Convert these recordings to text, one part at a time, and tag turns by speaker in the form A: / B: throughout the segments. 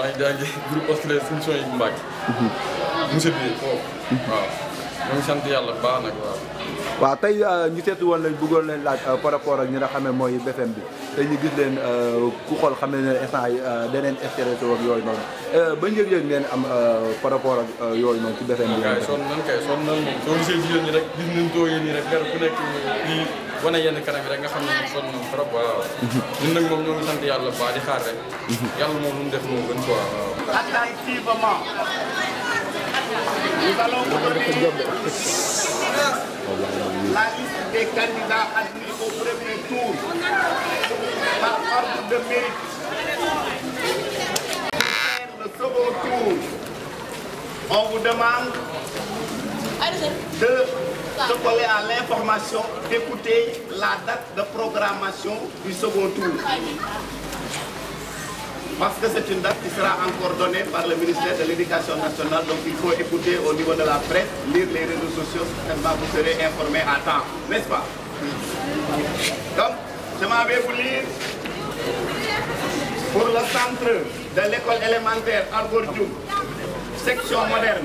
A: maa ngi jàngi groupe australien fonction yi Mbacke. Mhm.
B: monsieur bi foofu. waaw ñu ngi sant yàlla bu baax nag waaw.
A: waaw tey euh, ñu seetlu woon lañ bëggoon leen laaj euh, par rapport ak ñi nga xam ne mooy BFM bi tey ñu gis leen euh, ku xool xam ne instant yi deneen stressé woon yooyu noonu ba yëg-yëg ngeen am par rapport ak yooyu noonu ci BFM bi. kay sonn
B: nan kay sonn nan moom soo gisee jigéen ñi rek gis nañ tooyee nii rek gar ku nekk nii. wane yenn kanam yi rek nga xam ne moom sonn nañ trop waaw. Mhm. ñun nag moom ñoo ngi sant yàlla ba di xaar rek. Mhm. yàlla moom lu mu def moo gën quoi waaw. attentivement. nous allons vous donner la liste des candidats admis au premier tour par ordre de mérite. Pour faire le second tour, on vous demande de se coller à l'information d'écouter la date de programmation du second tour. Parce que c'est une date sera encore donnée par le ministère de l'Éducation nationale, donc il faut écouter au niveau de la presse, lire les réseaux sociaux, certainement vous serez informés à temps, n'est-ce pas Donc, je m'en vais vous lire pour le centre de l'école élémentaire Argor Diouf, section moderne.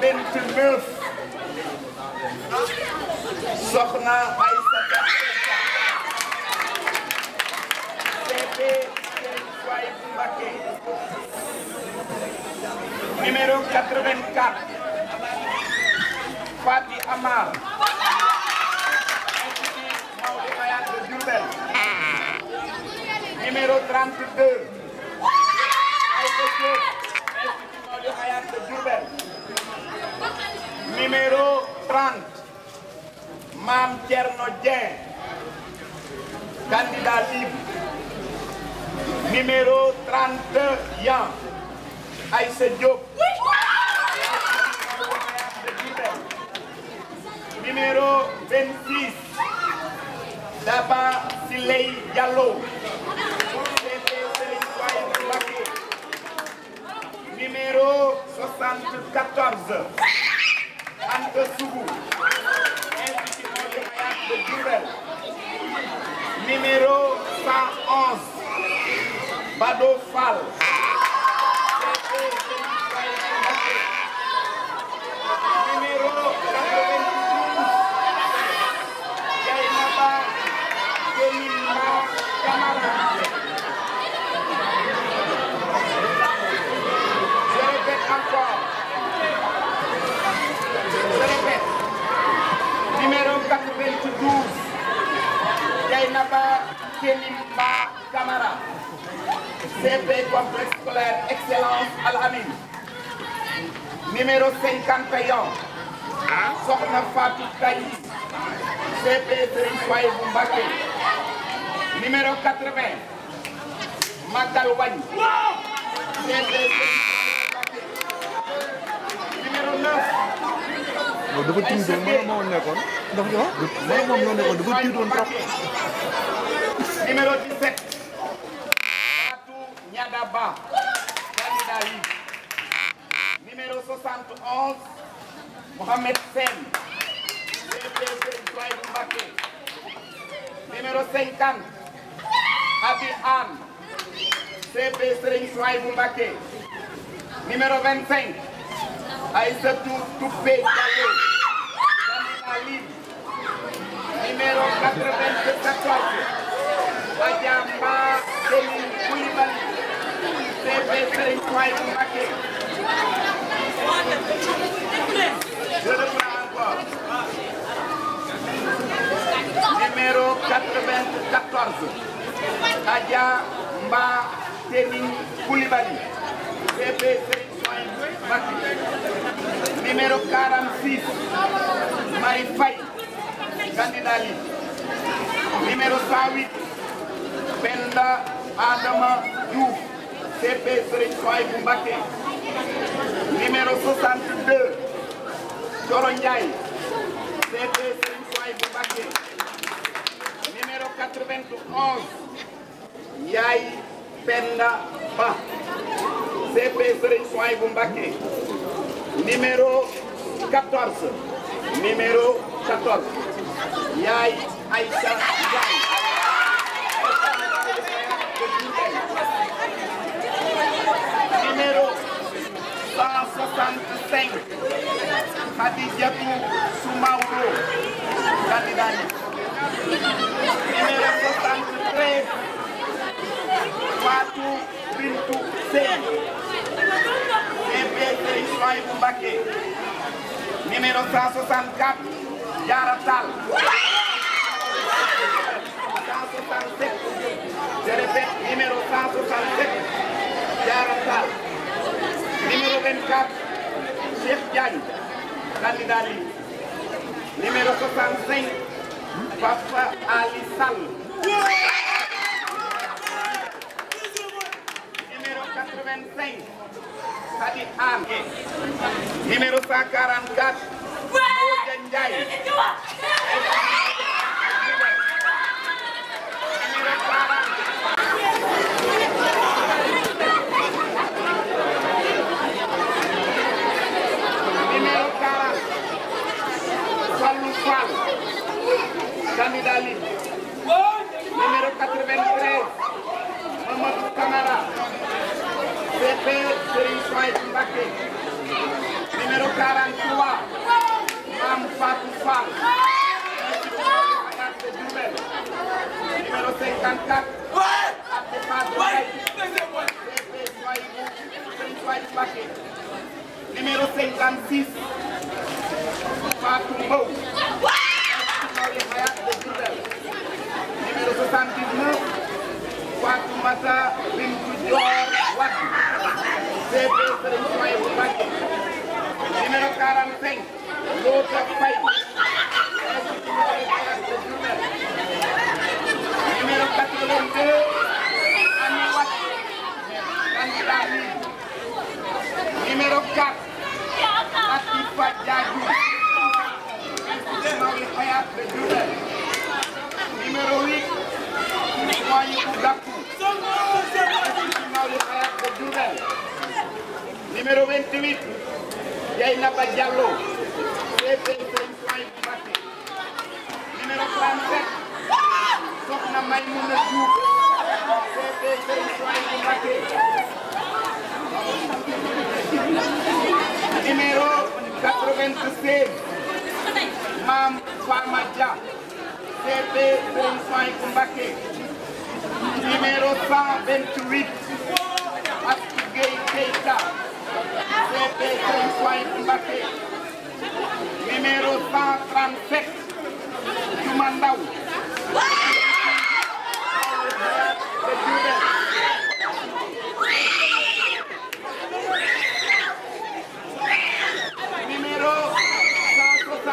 B: 29 soxna Aïssata CP Serigne Souhaïbou Mbacké numéro 84 Fati Amar Maodo Mayane de Diourbel numéro 32 Aïda Diop Maodo Mayane de Diourbel numéro 30 Mame Thierno Dieng candidat libre numéro 30 Yan Aïssa Diop numéro 26 Daba Siley Diallo numéro 74 de Sougou institution du Hayaat de Diourbel numéro 111 Bado Fall complexe scolaire Excellence Al Amine numéro 51 Soxna Fatou Taï CP Serigne Souhaïbou Mbacké numéro 80 Magal Wagne CP numéro 9 dafa tiitoon man moo nekkoon ndax man moom loo nekkoon dafa tiitoon trop numéro 17 Diada Ba candidat liste numéro 71 Mohamed Sène DG Serigne Souhaïbou Mbacké numéro 50 Abi Anne CP Serigne Souhaïbou Mbacké numéro 25 Aïssatou Toupé Diallo candidat liste numéro 94 Adja Mba Selim Coulibaly DP Serigne Fallou Mbacké. Je reprends encore. Numéro 94. Adja Mba Teni Koulibaly. DP Serigne Fallou Mbacké. Numéro 46. Marie Faye. Candidat liste. Numéro 108. Penda Adama Diouf. CP Serigne Souhaïbou Mbacké numéro 62 Thioro Ndiaye CP Serigne Souhaïbou numéro 91 Penda Ba CP Serigne Souhaïbou Mbacké numéro 14 numéro 14 Yaye Aïcha Ndiaye 5 Khadijatou Soumaoro candidat numéro 73 Fatou Bintou Sène MPP Ismaïbou Mbacké numéro 164 Diarra Tall 167 je répète numéro 167 Diarra Cheikh Diagne candidat liste numéro 65 Papa Ali Sall numéro 85 Khady Anne numéro 144 Modou Ndiaye dalili élève Mame Fama Dia CP Serigne Souhaïbou Mbacké numéro 128 Astou Gueye Keita CP Serigne Souhaïbou Mbacké numéro 137 Diouma Ndao de Diourbel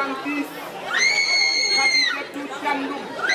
B: soixante-dix Khadijatou Thiandoum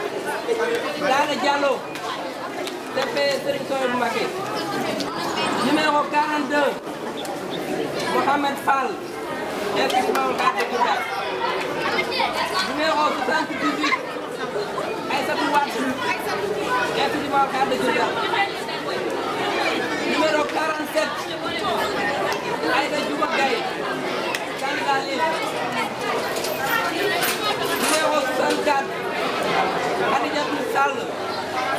B: Daara Diallo
A: DP Serigne Touba Mbacké numéro 42 Mohamed Fall inscription carte d'identité numéro 78 Aïssatou Wade inscription carte d'identité numéro 47 Aïda Diouf Gaye candidat libre numéro 64 jàll.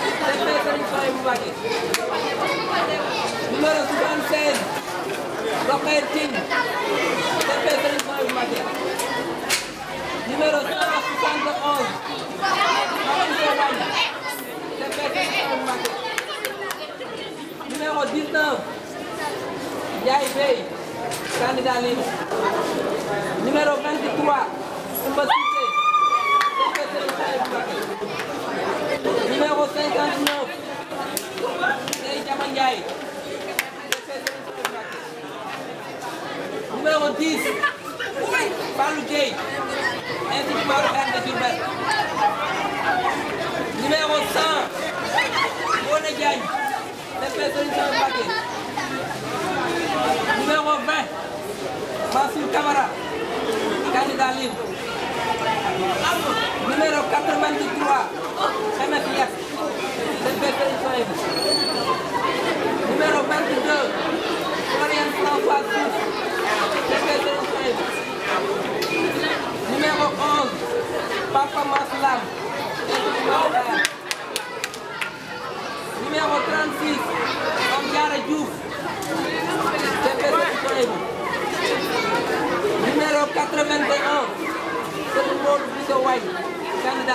A: DP Serigne Souhaïbou Mbacké. numéro 76. Rokhaya Tine. DP Serigne Souhaïbou Mbacké. numéro 171. Mamadou Sowane. DP Serigne Souhaïbou Mbacké. numéro 19. Ndiaye Bey. candidat libre. numéro 23. Koumba Numéro 11, Papa Maslam. Numéro 36, Amdiara Diouf. Numéro 81, candidat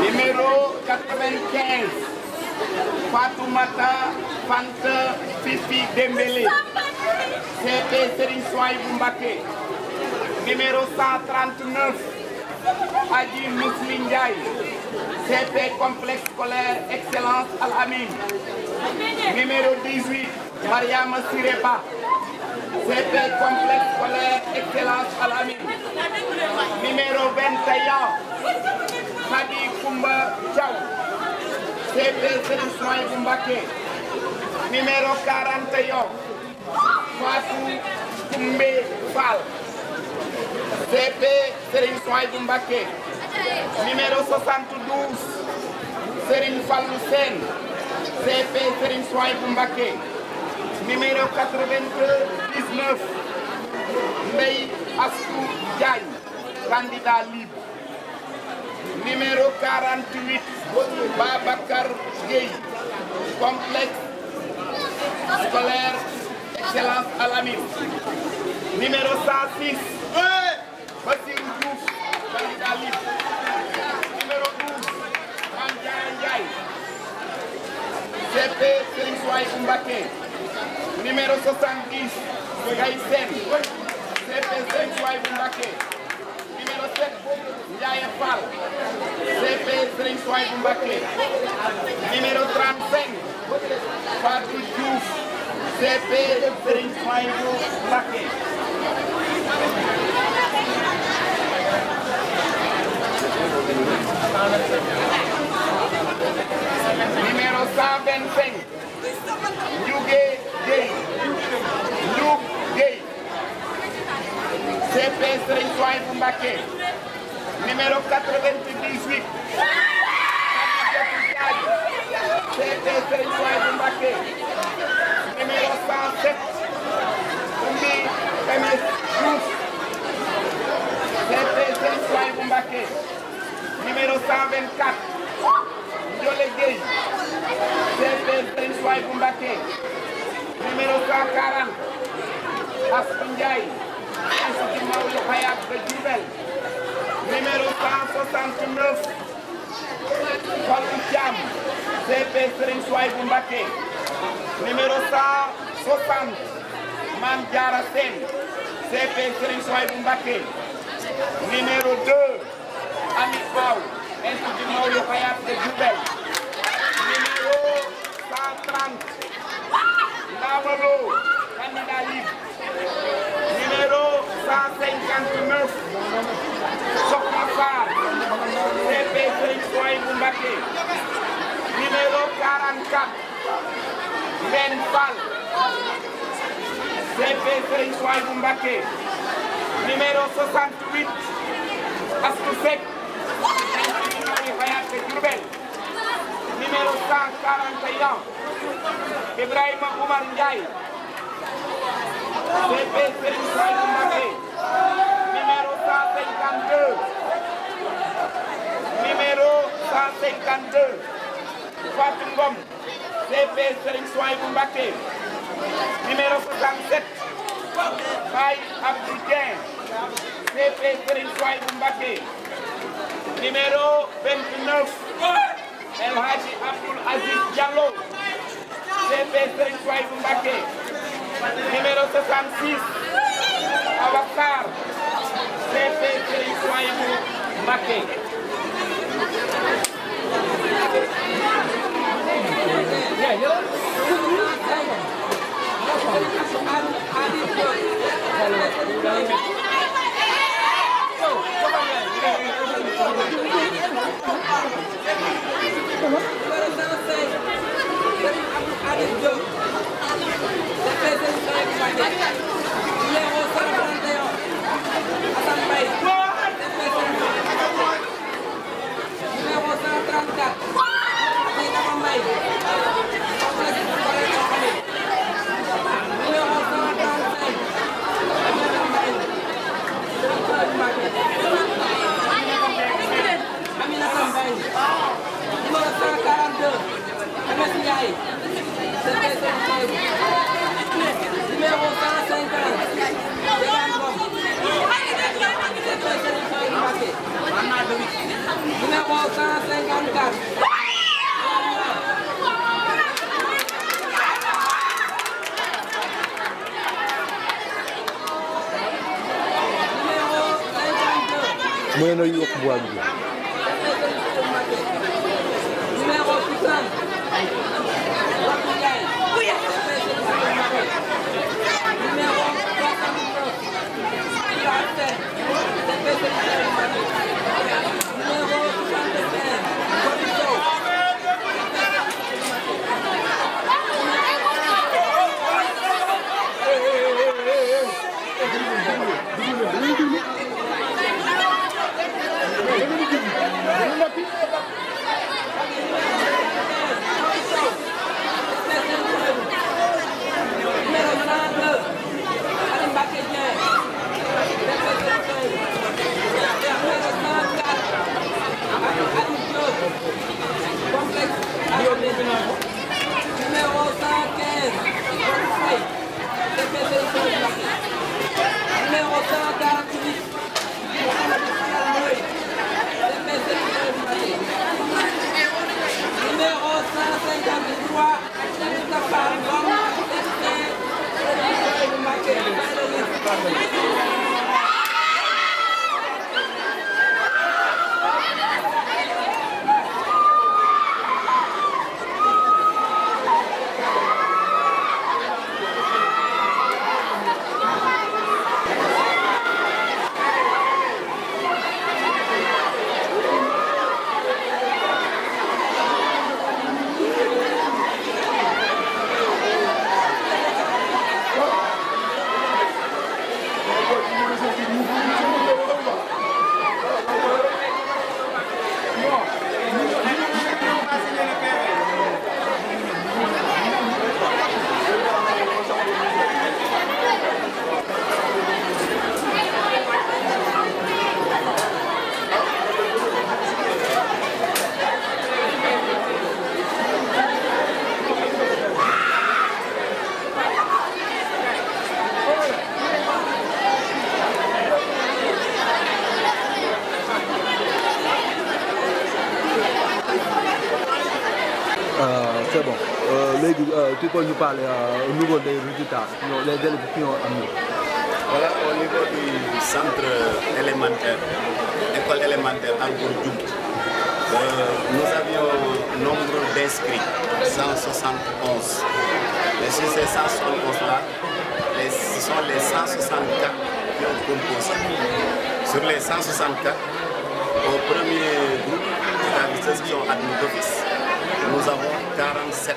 A: Numéro 95,
B: Fatoumata Fante Fifi Dembélé CP Serigne Souaïbou Mbacké numéro 139 Adji Muslim Ndiaye CP complexe scolaire excellence Al Amin numéro 18 Mariama Sireba CP complexe scolaire excellence Al Amin numéro 21 Khady Koumba Diaw CP Serigne Souaïbou Mbacké numéro 41 Fatou Koumbé Fall CP Serigne Souaïbou Mbacké numéro 72 Serigne Fallou Sène CP Serigne Souaïbou Mbacké numéro 99 Ndeye Astou Diagne candidat numéro 48 Babacar Gueye complexe scolaire excellence Al Amine numéro 106 Bassirou Diouf candidat libre numéro 12 Mame Ndiaye Ndiaye CP Serigne Souaïbou Mbacké numéro 70 Gaye Sène CP Serigne Souaïbou Mbacké numéro 7 Ndiaye Fall CP Serigne Souaïbou Mbacké numéro 37 Fatou Diouf CP Serigne Souhaïbou Mbacké numéro 125 Ndiouge Gueye Ndiouk Gueye CP Serigne Souhaïbou Mbacké CT Serigne Souhaïbou Mbacké numéro 107 Koumbi MS Diouf CT Serigne Souhaïbou Mbacké numéro 124 Ndiolé Gueye CT Serigne Souhaïbou Mbacké numéro 140 Astou Ndiaye institut Maodo Hayaat de Diourbel numéro 169 Fallou Thiam CP Serigne Souaïbou Mbacké numéro 160 Mame Diarra Sène CP Serigne Souaïbou Mbacké numéro 2 Amit Baw Institut Maodo Fayat de Diourbel numéro 130 Ndamalo candidat libre 159 Soxna Fall CP Serigne Souhaïbou Mbacké numéro 44 Ben Fall CP Serigne Souhaïbou Mbacké numéro 68 Astou Seck numéro 141 Ibrahima Oumar Ndiaye CP Serigne Saliou Mbacké numéro 152 numéro 152 Fatou Ngom CP Serigne Saliou Mbacké numéro 67 Baye Abdou Dieng CP Serigne Saliou Mbacké numéro 29 El Hadji Abdoul Aziz Diallo CP Serigne Saliou Mbacké numéro 66 Awa Sarr CP Serigne Souhaïbou
A: Mbacké Thank you. Hasan Mbaye mën na yokk bu waaj bi Thank you. Papi. quand on euh, niveau des résultats, les élèves qui ont amené
B: Voilà, au niveau du centre élémentaire, école élémentaire Algourdjoum, euh, nous avions nombre d'inscrits, sur ces 171-là, qui ont composé. Sur les au premier groupe, c'est-à-dire ceux qui ont admis d'office, nous avons 47